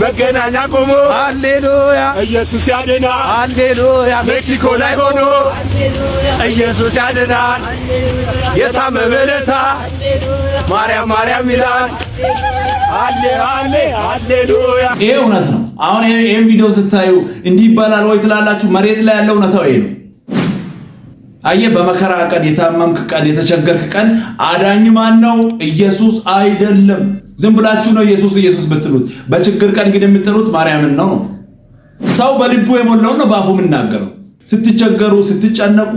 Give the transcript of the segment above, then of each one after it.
መገናኛ ቆሞ ሃሌሉያ ኢየሱስ ያድና ሃሌሉያ ሜክሲኮ ላይ ሆኖ ኢየሱስ ያድናል የታመመ ለታ ማርያም ማርያም ይላል። አሌ ይሄ እውነት ነው። አሁን ይሄን ቪዲዮ ስታዩ እንዲህ ይባላል ወይ ትላላችሁ? መሬት ላይ ያለው እውነታው ይሄ ነው። አየህ፣ በመከራ ቀን፣ የታመምክ ቀን፣ የተቸገርክ ቀን አዳኝ ማን ነው? ኢየሱስ አይደለም። ዝም ብላችሁ ነው ኢየሱስ ኢየሱስ ብትሉት። በችግር ቀን ግን የምትሉት ማርያምን ነው። ሰው በልቡ የሞላውን ነው በአፉ የምናገረው። ስትቸገሩ፣ ስትጨነቁ፣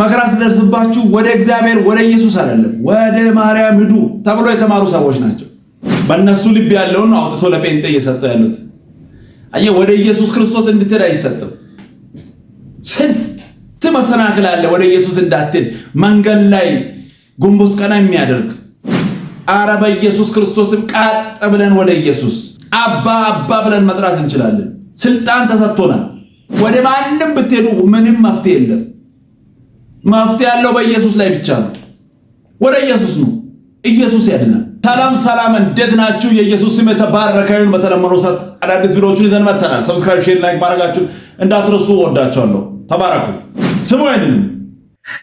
መከራ ስደርስባችሁ ወደ እግዚአብሔር ወደ ኢየሱስ አይደለም ወደ ማርያም ሂዱ ተብሎ የተማሩ ሰዎች ናቸው። በእነሱ ልብ ያለውን ነው አውጥቶ ለጴንጤ እየሰጠው ያሉት። አየ ወደ ኢየሱስ ክርስቶስ እንድትሄድ አይሰጠው። ስንት መሰናክል አለ ወደ ኢየሱስ እንዳትል መንገድ ላይ ጉንቦስ ቀና የሚያደርግ አረ በኢየሱስ ክርስቶስም ቃጥ ብለን ወደ ኢየሱስ አባ አባ ብለን መጥራት እንችላለን። ስልጣን ተሰጥቶናል። ወደ ማንም ብትሄዱ ምንም መፍትሄ የለም። መፍትሄ ያለው በኢየሱስ ላይ ብቻ ነው። ወደ ኢየሱስ ነው። ኢየሱስ ያድናል። ሰላም ሰላም፣ እንዴት ናችሁ? የኢየሱስ ስም የተባረከ ይሁን። በተለመደው ሰዓት አዳዲስ ቪዲዮዎችን ይዘን መጥተናል። ሰብስክራይብ፣ ሼር፣ ላይክ ማድረጋችሁ እንዳትረሱ። ወዳችኋለሁ። ተባረኩ። ስሙ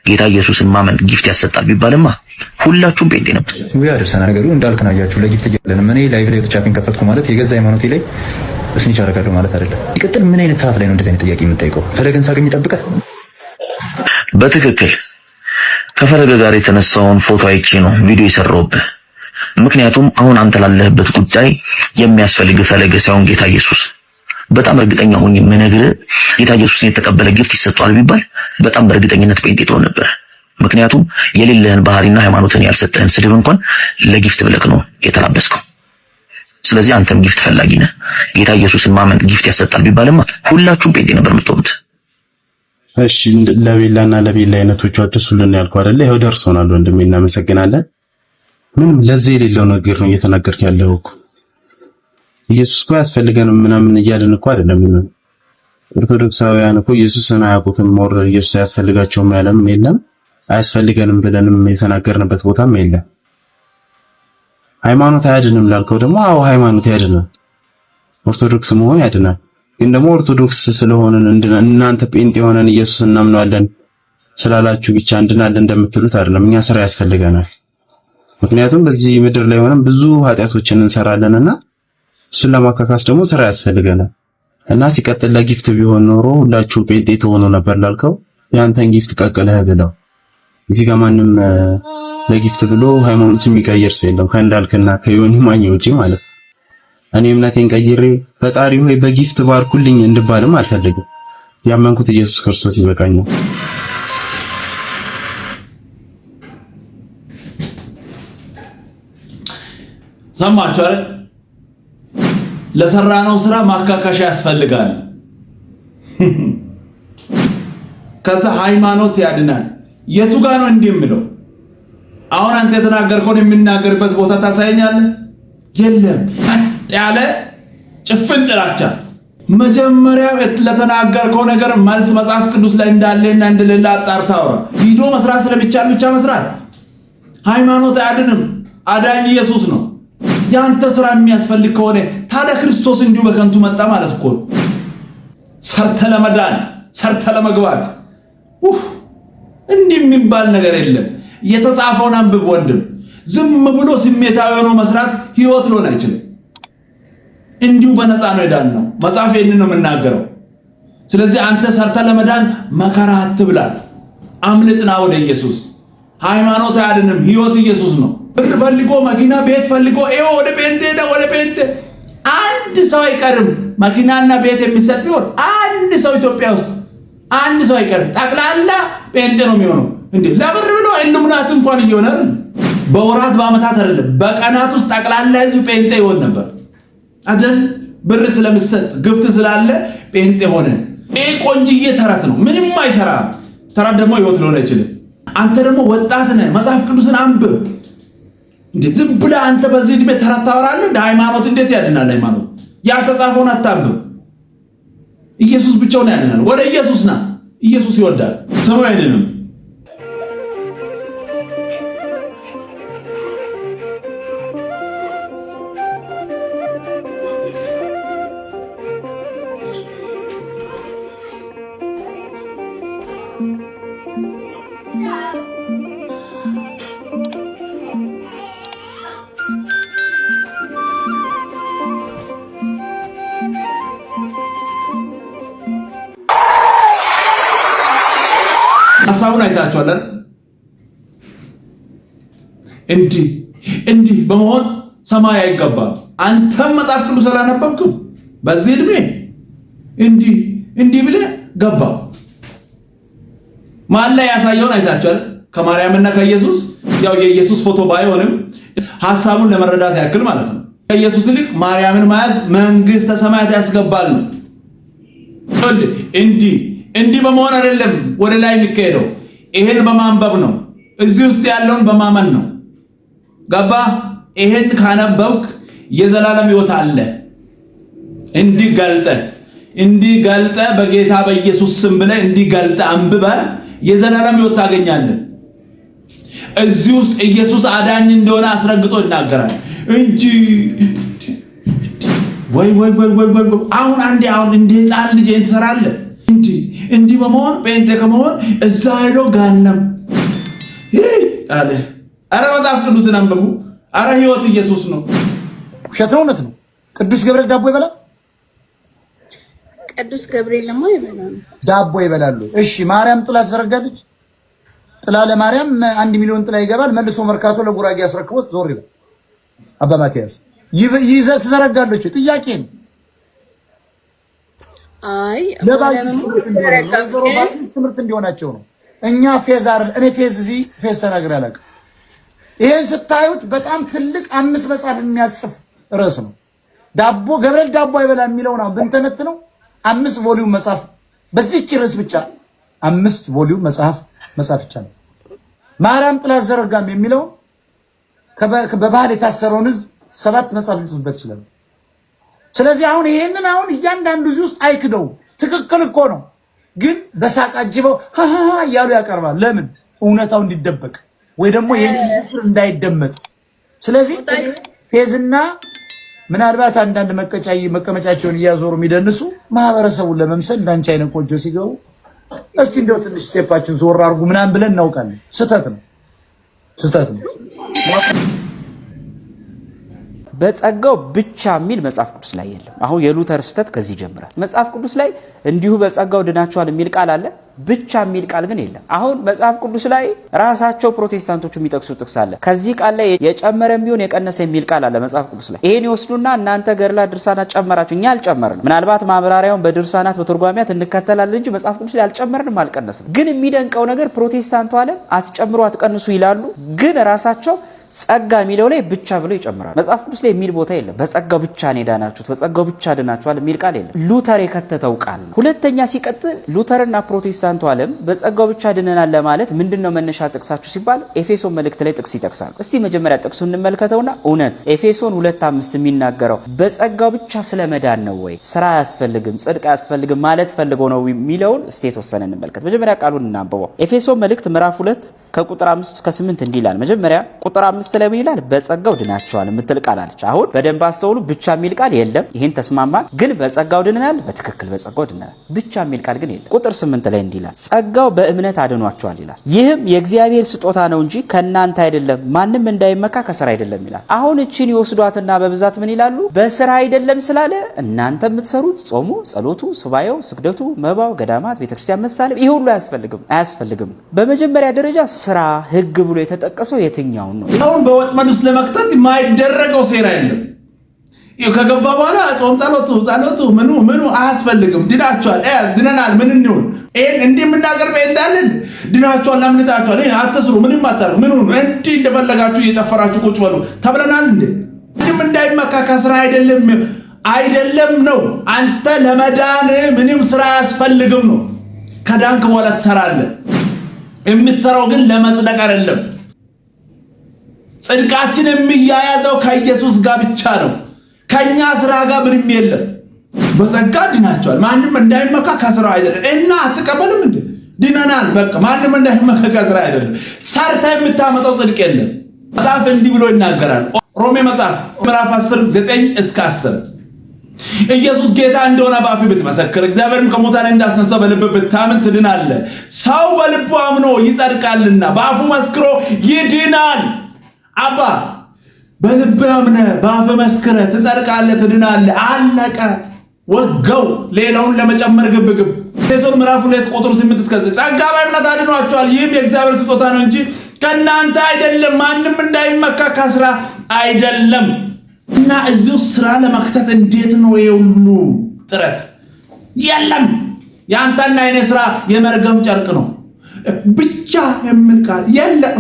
ጌታ ኢየሱስን ማመን ጊፍት ያሰጣል ቢባልማ ሁላችሁም ጴንጤ ነው ወይ አደርሰና ነገሩ እንዳልክ ነው። አያችሁ ለጊፍት እያለንም እኔ ላይቭ ላይ ተጫፊን ከፈትኩ ማለት የገዛ ሃይማኖቴ ላይ እስኒች አደርጋለሁ ማለት አይደለም። ሲቀጥል ምን አይነት ሰዓት ላይ ነው እንደዚህ አይነት ጥያቄ የምጠይቀው? ፈለገን ሳገኝ ይጠብቃል። በትክክል ከፈለገ ጋር የተነሳውን ፎቶ አይቼ ነው ቪዲዮ የሰራሁብህ። ምክንያቱም አሁን አንተ ላለህበት ጉዳይ የሚያስፈልግ ፈለገ ሳይሆን ጌታ ኢየሱስ በጣም እርግጠኛ ሆኜ የምነግርህ ጌታ ኢየሱስን የተቀበለ ግፍት ይሰጠዋል ቢባል በጣም በእርግጠኝነት ጴንጤ ትሆን ነበር። ምክንያቱም የሌለህን ባህሪና ሃይማኖትን ያልሰጠህን ስድብ እንኳን ለጊፍት ብለክ ነው የተላበስከው። ስለዚህ አንተም ጊፍት ፈላጊ ነህ። ጌታ ኢየሱስን ማመን ጊፍት ያሰጣል ቢባልማ ሁላችሁም ጴንጤ ነበር የምትሆኑት። እሺ ለቤላና ለቤላ አይነቶቹ አድርሱልን ያልኩህ አይደለ? ይኸው ደርሶናል ወንድሜ፣ እናመሰግናለን። ምንም ለዚህ የሌለው ነገር ነው እየተናገርክ ያለው እኮ ኢየሱስ እኮ ያስፈልገንም ምናምን እያልን እኮ አይደለም። ኦርቶዶክሳውያን እኮ ኢየሱስን አያውቁትም፣ ሞር ኢየሱስ አያስፈልጋቸውም ያለም የለም አያስፈልገንም ብለንም የተናገርንበት ቦታም የለም። ሃይማኖት አያድንም ላልከው ደግሞ አዎ ሃይማኖት ያድናል። ኦርቶዶክስ መሆን ያድናል። ግን ደግሞ ኦርቶዶክስ ስለሆንን እናንተ ጴንጤ የሆነን ኢየሱስ እናምናለን ስላላችሁ ብቻ እንድናለን እንደምትሉት አይደለም። እኛ ስራ ያስፈልገናል። ምክንያቱም በዚህ ምድር ላይ ሆነን ብዙ ኃጢአቶችን እንሰራለንና እሱን ለማካካስ ደግሞ ስራ ያስፈልገናል። እና ሲቀጥል ለጊፍት ቢሆን ኖሮ ሁላችሁም ጴንጤ ትሆኑ ነበር ላልከው ያንተን ጊፍት ቀቅለህ ብለው እዚህ ጋር ማንም ለጊፍት ብሎ ሃይማኖት የሚቀየር ሰው የለም ከእንዳልክና ከዮኒ ማኛ ውጪ ማለት ነው። እኔ እምነቴን ቀይሬ ፈጣሪ ሆይ በጊፍት ባርኩልኝ እንድባልም አልፈልግም። ያመንኩት ኢየሱስ ክርስቶስ ይበቃኝ ነው። ሰማችሁ አይደል? ለሰራነው ስራ ማካካሻ ያስፈልጋል። ከዛ ሃይማኖት ያድናል። የቱ ጋ ነው እንዲህ የምለው? አሁን አንተ የተናገርከውን የምናገርበት ቦታ ታሳየኛለህ? የለም። ፈጥ ያለ ጭፍን ጥላቻ። መጀመሪያ ለተናገርከው ነገር መልስ መጽሐፍ ቅዱስ ላይ እንዳለና እንደሌለ አጣርታ አውራ። ቪዲዮ መስራት ስለሚቻል ብቻ መስራት ሃይማኖት አያድንም። አዳኝ ኢየሱስ ነው። ያንተ ስራ የሚያስፈልግ ከሆነ ታዲያ ክርስቶስ እንዲሁ በከንቱ መጣ ማለት እኮ ነው። ሰርተ ለመዳን ሰርተ ለመግባት እንዲህ የሚባል ነገር የለም። የተጻፈውን አንብብ ወንድም። ዝም ብሎ ስሜታዊ ሆኖ መስራት ህይወት ሊሆን አይችልም። እንዲሁ በነፃ ነው ሄዳን ነው መጽሐፍ ይህንን ነው የምናገረው። ስለዚህ አንተ ሰርተ ለመዳን መከራ አትብላል። አምልጥና ወደ ኢየሱስ። ሃይማኖት አያድንም፣ ህይወት ኢየሱስ ነው። ብር ፈልጎ መኪና፣ ቤት ፈልጎ ይ ወደ ጴንጤ ሄደ። ወደ ጴንጤ አንድ ሰው አይቀርም። መኪናና ቤት የሚሰጥ ቢሆን አንድ ሰው ኢትዮጵያ ውስጥ አንድ ሰው አይቀርም። ጠቅላላ ጴንጤ ነው የሚሆነው። እንዴ ለብር ብሎ ኢሉሚናት እንኳን እየሆነ በወራት በአመታት አይደለም በቀናት ውስጥ ጠቅላላ ህዝብ ጴንጤ ይሆን ነበር አይደል? ብር ስለምሰጥ ግፍት ስላለ ጴንጤ ሆነ። ይሄ ቆንጅዬ ተረት ነው፣ ምንም አይሰራ። ተረት ደግሞ ህይወት ሊሆን አይችልም። አንተ ደግሞ ወጣት ነህ፣ መጽሐፍ ቅዱስን አንብብ። እንዴ ዝም ብለህ አንተ በዚህ ዕድሜ ተረት ታወራለህ? ሃይማኖት እንዴት ያድናል? ሃይማኖት ያልተጻፈውን አታንብብ። ኢየሱስ ብቻውን ያድናል። ወደ ኢየሱስ ና፣ ኢየሱስ ይወዳል። ሰማይንንም ሀሳቡን አይታችኋለን። እንዲህ እንዲህ በመሆን ሰማይ አይገባም። አንተም መጽሐፍ ቅዱስ ስላነበብክም በዚህ እድሜ እንዲህ እንዲህ ብለህ ገባው ማን ላይ ያሳየውን አይታችኋል። ከማርያምና ከኢየሱስ ያው የኢየሱስ ፎቶ ባይሆንም ሀሳቡን ለመረዳት ያክል ማለት ነው። ከኢየሱስ ይልቅ ማርያምን ማየት መንግስተ ሰማያት ያስገባል ነው እንዲህ እንዲህ በመሆን አይደለም ወደ ላይ የሚካሄደው። ይሄን በማንበብ ነው። እዚህ ውስጥ ያለውን በማመን ነው። ገባ? ይሄን ካነበብክ የዘላለም ሕይወት አለ። እንዲህ ገልጠ እንዲህ ገልጠ በጌታ በኢየሱስ ስም ብለህ እንዲህ ገልጠ አንብበ የዘላለም ሕይወት ታገኛለህ። እዚህ ውስጥ ኢየሱስ አዳኝ እንደሆነ አስረግጦ ይናገራል እንጂ ወይ ወይ ወይ ወይ ወይ አሁን አንዴ አሁን እንደ ሕፃን ልጅ ትሰራለህ እንዲህ እንዲህ በመሆን ጴንጤ ከመሆን እዛ ሄዶ ጋነም አለ። አረ መጽሐፍ ቅዱስን አንብቡ። አረ ህይወት ኢየሱስ ነው። ውሸት ነው እውነት ነው? ቅዱስ ገብርኤል ዳቦ ይበላል። ቅዱስ ገብርኤልማ ዳቦ ይበላሉ። እሺ ማርያም ጥላ ትዘረጋለች። ጥላ ለማርያም አንድ ሚሊዮን ጥላ ይገባል። መልሶ መርካቶ ለጉራጌ ያስረክቦት ዞር ይላል። አባ ማትያስ ይዘ ትዘረጋለች። ጥያቄ ነው አይ ትምህርት እንዲሆናቸው ነው። እኛ ፌዝ አይደል እኔ ፌዝ እዚህ ፌዝ ተናግሬ አላውቅም። ይሄን ስታዩት በጣም ትልቅ አምስት መጽሐፍ የሚያጽፍ ርዕስ ነው። ዳቦ ገብርኤል ዳቦ አይበላ የሚለውን ብንተነት ነው አምስት ቮሊዩም መጽሐፍ በዚህች ርዕስ ብቻ አምስት ቮሊዩም መጽሐፍ መጽሐፍ ማርያም ጥላት ዘረጋም የሚለውን በባህል የታሰረውን ህዝብ ሰባት መጽሐፍ ሊጽፍበት ይችላል። ስለዚህ አሁን ይሄንን አሁን እያንዳንዱ እዚህ ውስጥ አይክደው ትክክል እኮ ነው፣ ግን በሳቅ አጅበው እያሉ ያቀርባል። ለምን እውነታው እንዲደበቅ ወይ ደግሞ እንዳይደመጥ። ስለዚህ ፌዝና ምናልባት አንዳንድ መቀጫ መቀመጫቸውን እያዞሩ የሚደንሱ ማህበረሰቡን ለመምሰል እንዳንቺ አይነት ቆጆ ሲገቡ እስቲ እንደው ትንሽ ስቴፓችን ዞር አድርጉ ምናምን ብለን እናውቃለን። ስህተት ነው፣ ስህተት ነው። በጸጋው ብቻ የሚል መጽሐፍ ቅዱስ ላይ የለም። አሁን የሉተር ስህተት ከዚህ ይጀምራል። መጽሐፍ ቅዱስ ላይ እንዲሁ በጸጋው ድናቸዋል የሚል ቃል አለ፣ ብቻ የሚል ቃል ግን የለም። አሁን መጽሐፍ ቅዱስ ላይ ራሳቸው ፕሮቴስታንቶቹ የሚጠቅሱ ጥቅስ አለ። ከዚህ ቃል ላይ የጨመረ ቢሆን የቀነሰ የሚል ቃል አለ መጽሐፍ ቅዱስ ላይ። ይሄን ይወስዱና እናንተ ገድላት ድርሳናት ጨመራችሁ፣ እኛ አልጨመርንም። ምናልባት ማብራሪያውን በድርሳናት በትርጓሚያት እንከተላለን እንጂ መጽሐፍ ቅዱስ ላይ አልጨመርንም፣ አልቀነስንም። ግን የሚደንቀው ነገር ፕሮቴስታንቱ ዓለም አትጨምሩ፣ አትቀንሱ ይላሉ፣ ግን ራሳቸው ጸጋ የሚለው ላይ ብቻ ብሎ ይጨምራል። መጽሐፍ ቅዱስ ላይ የሚል ቦታ የለም በጸጋ ብቻ ነው የዳናችሁት፣ በጸጋው ብቻ ድናችኋል የሚል ቃል የለም። ሉተር የከተተው ቃል ነው። ሁለተኛ ሲቀጥል ሉተርና ፕሮቴስታንቱ ዓለም በጸጋው ብቻ ድነናል ለማለት ምንድን ነው መነሻ ጥቅሳችሁ ሲባል ኤፌሶን መልእክት ላይ ጥቅስ ይጠቅሳሉ። እስቲ መጀመሪያ ጥቅሱ እንመልከተውና እውነት ኤፌሶን ሁለት አምስት የሚናገረው በጸጋው ብቻ ስለመዳን ነው ወይ ስራ አያስፈልግም ጽድቅ አያስፈልግም ማለት ፈልገው ነው የሚለውን እስቲ የተወሰነ እንመልከት። መጀመሪያ ቃሉን እናንብበው። ኤፌሶን መልእክት ምዕራፍ ሁለት ከቁጥር አምስት እስከ ስምንት እንዲህ ይላል። መጀመሪያ ቁጥር 15 ላይ ምን ይላል? በጸጋው ድናቸዋል የምትል ቃል አለች። አሁን በደንብ አስተውሉ። ብቻ የሚል ቃል የለም። ይህን ተስማማን። ግን በጸጋው ድንናል። በትክክል በጸጋው ድንናል። ብቻ የሚል ቃል ግን የለም። ቁጥር 8 ላይ እንዲህ ይላል፣ ጸጋው በእምነት አድኗቸዋል ይላል። ይህም የእግዚአብሔር ስጦታ ነው እንጂ ከእናንተ አይደለም፣ ማንም እንዳይመካ ከስራ አይደለም ይላል። አሁን እችን ይወስዷትና በብዛት ምን ይላሉ? በስራ አይደለም ስላለ እናንተ የምትሰሩት ጾሙ፣ ጸሎቱ፣ ሱባኤው፣ ስግደቱ፣ መባው፣ ገዳማት፣ ቤተክርስቲያን መሳለም ይህ ሁሉ አያስፈልግም አያስፈልግም። በመጀመሪያ ደረጃ ስራ ህግ ብሎ የተጠቀሰው የትኛውን ነው? ሰውን በወጥመድ ውስጥ ለመክተት የማይደረገው ሴራ የለም። ከገባ በኋላ ጾም፣ ጸሎቱ፣ ጸሎቱ ምኑ ምኑ አያስፈልግም። ድናቸዋል፣ ድነናል። ምን እንሆን ይህን እንዲህ የምናቀርበ እንዳለን ድናቸዋል፣ አምልጣቸዋል፣ አትስሩ፣ ምንም አታርጉ፣ ምኑ እንዲህ እንደፈለጋችሁ እየጨፈራችሁ ቁጭ በሉ ተብለናል። እንደ ምንም እንዳይመካ ከስራ አይደለም አይደለም ነው። አንተ ለመዳን ምንም ስራ አያስፈልግም ነው። ከዳንክ በኋላ ትሰራለህ። የምትሰራው ግን ለመጽደቅ አይደለም። ጽድቃችን የሚያያዘው ከኢየሱስ ጋር ብቻ ነው። ከኛ ስራ ጋር ምንም የለም። በጸጋ ድናቸዋል። ማንም እንዳይመካ ከስራ አይደለም እና አትቀበልም እንዴ? ድነናል። በቃ ማንም እንዳይመካ ከስራ አይደለም። ሰርታ የምታመጣው ጽድቅ የለም። መጽሐፍ እንዲህ ብሎ ይናገራል። ሮሜ መጽሐፍ ምዕራፍ 10 9 እስከ 10 ኢየሱስ ጌታ እንደሆነ በአፍ ብትመሰክር እግዚአብሔርም ከሙታን እንዳስነሳ በልብ ብታምን ትድናለ ሰው በልቡ አምኖ ይጸድቃልና በአፉ መስክሮ ይድናል። አባ በልብ አምነ በአፍ መስክረ ትጸድቃለህ፣ ትድናለህ። አለቀ። ወገው ሌላውን ለመጨመር ግብግብ። ኤፌሶን ምዕራፍ ሁለት ቁጥር ስምንት እስከ ጸጋ በእምነት አድኗቸዋል። ይህም የእግዚአብሔር ስጦታ ነው እንጂ ከእናንተ አይደለም፣ ማንም እንዳይመካ ከስራ አይደለም። እና እዚሁ ስራ ለመክተት እንዴት ነው የሁሉ ጥረት? የለም የአንተና የኔ ስራ የመርገም ጨርቅ ነው ብቻ የምል ቃል የለም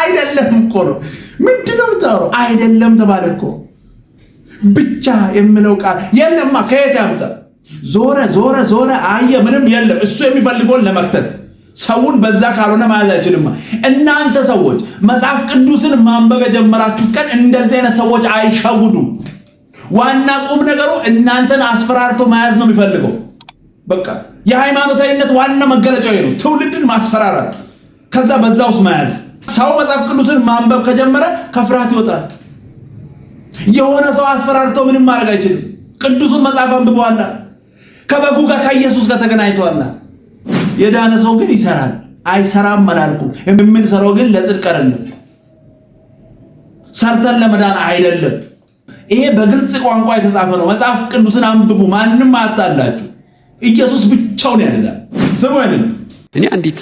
አይደለም እኮ ነው። ምንድነው የምታወራው? አይደለም ተባለ እኮ ብቻ የምለው ቃል የለማ። ከየት ያምጣ? ዞረ ዞረ ዞረ አየ፣ ምንም የለም። እሱ የሚፈልገውን ለመክተት ሰውን በዛ ካልሆነ መያዝ አይችልማ። እናንተ ሰዎች መጽሐፍ ቅዱስን ማንበብ የጀመራችሁት ቀን እንደዚህ አይነት ሰዎች አይሸውዱ። ዋና ቁም ነገሩ እናንተን አስፈራርቶ መያዝ ነው የሚፈልገው። በቃ የሃይማኖታዊነት ዋና መገለጫው ነው፣ ትውልድን ማስፈራራት፣ ከዛ በዛ ውስጥ መያዝ ሰው መጽሐፍ ቅዱስን ማንበብ ከጀመረ ከፍርሃት ይወጣል። የሆነ ሰው አስፈራርቶ ምንም ማድረግ አይችልም። ቅዱሱን መጽሐፍ አንብበዋልና ከበጉ ጋር ከኢየሱስ ጋር ተገናኝተዋልና። የዳነ ሰው ግን ይሰራል። አይሰራም አላልኩም። የምንሰራው ግን ለጽድቅ አይደለም፣ ሰርተን ለመዳን አይደለም። ይሄ በግልጽ ቋንቋ የተጻፈ ነው። መጽሐፍ ቅዱስን አንብቡ፣ ማንም አታላችሁ። ኢየሱስ ብቻውን ያድናል። ስሙ እኔ አንዲት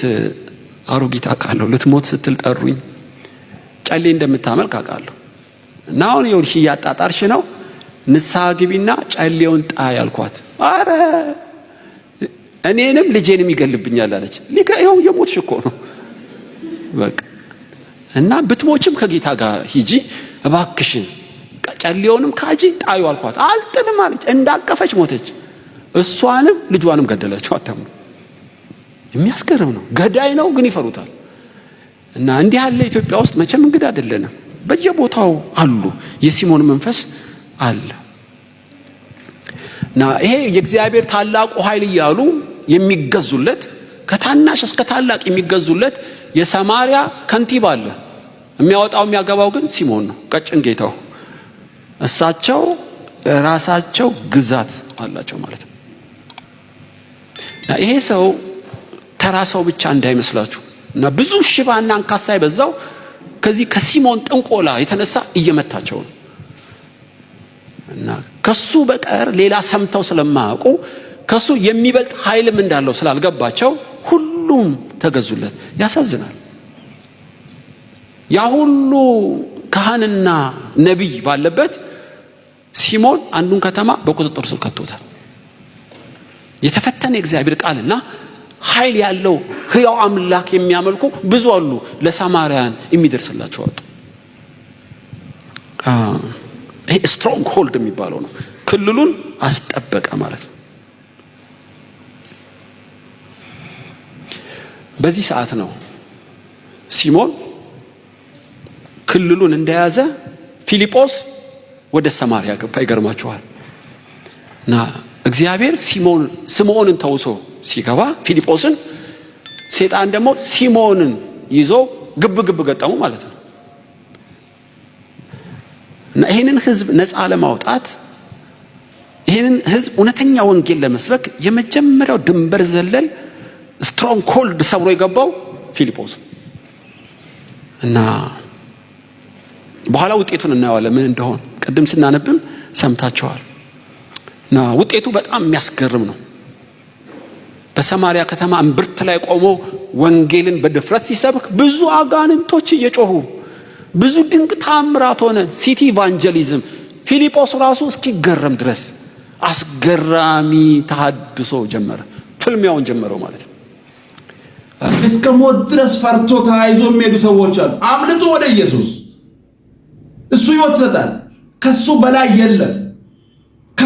አሮጊት አውቃለሁ። ልትሞት ስትል ጠሩኝ። ጨሌ እንደምታመልክ አውቃለሁ። እና አሁን ይኸውልሽ እያጣጣርሽ ነው። ንስሐ ግቢና ጨሌውን ጣይ አልኳት። አረ እኔንም ልጄንም ይገልብኛል አለች። ሊከ ይኸው የሞትሽ እኮ ነው በቃ። እና ብትሞችም ከጌታ ጋር ሂጂ እባክሽን፣ ጨሌውንም ካጂ ጣዩ አልኳት። አልጥልም አለች። እንዳቀፈች ሞተች። እሷንም ልጇንም ገደለችው። አታምኑ የሚያስገርም ነው። ገዳይ ነው ግን ይፈሩታል። እና እንዲህ ያለ ኢትዮጵያ ውስጥ መቼም እንግዳ አይደለንም። በየቦታው አሉ። የሲሞን መንፈስ አለ እና ይሄ የእግዚአብሔር ታላቁ ኃይል እያሉ የሚገዙለት ከታናሽ እስከ ታላቅ የሚገዙለት የሰማሪያ ከንቲባ አለ። የሚያወጣው የሚያገባው ግን ሲሞን ነው፣ ቀጭን ጌታው። እሳቸው ራሳቸው ግዛት አላቸው ማለት ነው። ይሄ ሰው ተራ ሰው ብቻ እንዳይመስላችሁ እና ብዙ ሽባና አንካሳ የበዛው ከዚህ ከሲሞን ጥንቆላ የተነሳ እየመታቸው ነው እና ከሱ በቀር ሌላ ሰምተው ስለማያውቁ ከሱ የሚበልጥ ኃይልም እንዳለው ስላልገባቸው ሁሉም ተገዙለት። ያሳዝናል። ያ ሁሉ ካህንና ነቢይ ባለበት ሲሞን አንዱን ከተማ በቁጥጥር ስር ከቶታል። የተፈተነ የእግዚአብሔር ቃልና ኃይል ያለው ህያው አምላክ የሚያመልኩ ብዙ አሉ። ለሳማሪያን የሚደርስላቸው አጡ። ይሄ ስትሮንግ ሆልድ የሚባለው ነው። ክልሉን አስጠበቀ ማለት ነው። በዚህ ሰዓት ነው ሲሞን ክልሉን እንደያዘ ፊልጶስ ወደ ሰማርያ ገባ። ይገርማችኋል እና እግዚአብሔር ስምዖንን ተውሶ ሲገባ ፊልጶስን፣ ሴጣን ደግሞ ሲሞንን ይዞ ግብ ግብ ገጠሙ ማለት ነው። እና ይህንን ህዝብ ነፃ ለማውጣት ይህንን ህዝብ እውነተኛ ወንጌል ለመስበክ የመጀመሪያው ድንበር ዘለል ስትሮንግ ኮልድ ሰብሮ የገባው ፊልጶስ እና በኋላ ውጤቱን እናየዋለን ምን እንደሆን። ቅድም ስናነብም ሰምታችኋል። ውጤቱ በጣም የሚያስገርም ነው። በሰማሪያ ከተማ እምብርት ላይ ቆሞ ወንጌልን በድፍረት ሲሰብክ ብዙ አጋንንቶች እየጮሁ ብዙ ድንቅ ታምራት ሆነ። ሲቲ ኢቫንጀሊዝም ፊሊጶስ ራሱ እስኪገረም ድረስ አስገራሚ ተሃድሶ ጀመረ። ፍልሚያውን ጀመረው ማለት ነው። እስከ ሞት ድረስ ፈርቶ ተያይዞ የሚሄዱ ሰዎች አሉ። አምልጦ ወደ ኢየሱስ እሱ ይወት ይሰጣል። ከሱ በላይ የለም።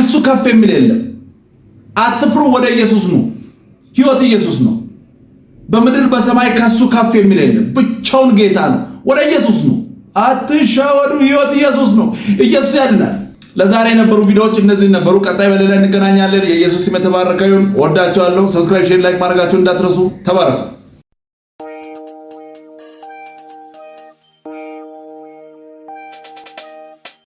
ከሱ ከፍ የሚል የለም። አትፍሩ፣ ወደ ኢየሱስ ኑ። ሕይወት ኢየሱስ ነው። በምድር በሰማይ ከሱ ከፍ የሚል የለም። ብቻውን ጌታ ነው። ወደ ኢየሱስ ኑ፣ አትሻወዱ። ሕይወት ኢየሱስ ነው። ኢየሱስ ያድናል። ለዛሬ የነበሩ ቪዲዮዎች እነዚህ ነበሩ። ቀጣይ በሌላ እንገናኛለን። የኢየሱስ ስም የተባረከ ይሁን። ወዳችኋለሁ። ሰብስክራይብ፣ ሼር፣ ላይክ ማድረጋችሁን እንዳትረሱ። ተባረኩ።